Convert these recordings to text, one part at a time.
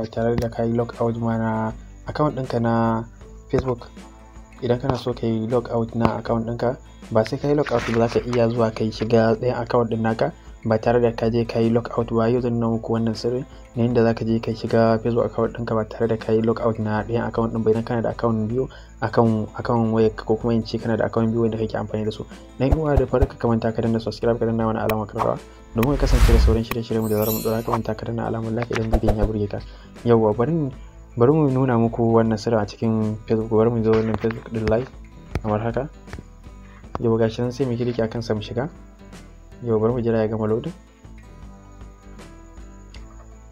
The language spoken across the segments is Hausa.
ba tare da ka yi log out ma na account ɗinka na facebook idan kana so ka yi log out na account ɗinka ba sai ka yi log out ba za ka iya zuwa ka shiga ɗayan account ɗin naka ba tare da ka je ka yi out ba yau zan nuna muku wannan sirri na yadda za ka je ka shiga facebook account ɗinka ba tare da ka yi out na ɗayan account ɗin ba idan kana da account biyu akan akan ko kuma in ce kana da account biyu wanda kake amfani da su na yi uwa da fara ka kamanta ka danna subscribe ka danna wani alama karfawa domin ka kasance da sauran shirye shirye mu da zarar mu dora ka manta ka danna alamar like idan bidiyon ya burge ka yauwa bari bari mu nuna muku wannan sirri a cikin facebook bari mu zo wannan facebook ɗin live kamar haka yau gashi nan sai mu kirki akan sa mu shiga yau bari mu jira ya gama lodin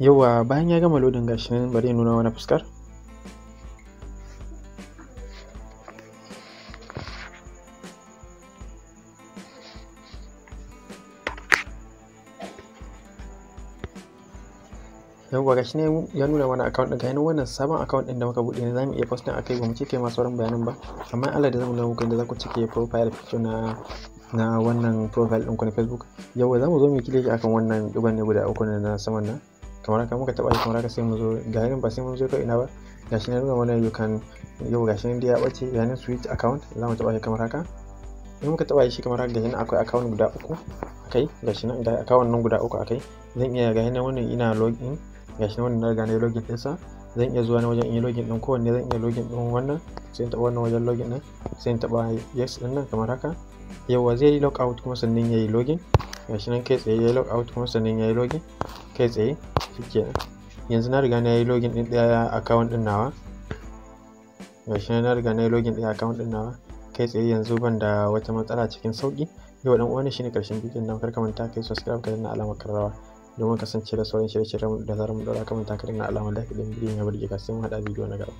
yauwa bayan ya gama lodin gashi nan bari nuna wani fuskar yauwa gashi ne ya nuna wani account ɗin kayan wannan sabon account ɗin da muka buɗe ne za mu iya posting akai ba mu cike masu wurin bayanin ba amma Allah da zamu nuna muku da za ku cike profile picture na na wannan profile ɗinku na facebook yau za mu zo mu kiliki akan wannan duban ne guda uku na saman nan kamar haka muka taɓa kamar haka sai mu zo ga yanin ba sai mun zo ka ina ba gashi na nuna wannan you can yau gashi nan da ya bace yanin switch account za mu taɓa shi kamar haka in muka taɓa shi kamar haka gashi nan akwai account guda uku akai gashi nan ga account nan guda uku akai zan iya ga nan wannan ina login gashi nan wannan na riga na login ɗinsa zan iya zuwa na wajen in yi login ɗin kowanne zan iya login ɗin wannan sai in taɓa wannan wajen login ɗin sai in taɓa yes din nan kamar haka yawa zai yi logout kuma sannan ya yi login gashi nan kai tsaye ya yi log kuma sannan ya yi login kai tsaye shikenan yanzu na riga na yi login ɗin ɗaya account ɗin nawa gashi nan na riga na yi login ɗin account din nawa kai tsaye yanzu ban da wata matsala cikin sauƙi yau dan uwan shine karshen bidiyon nan kar ka manta kai subscribe ka danna alamar karrawa domin kasance da sauran shirye-shiryen da zarar mu ɗora kamar na alamar like ɗin bidiyon ya burge ka sai mu haɗa bidiyo na gaba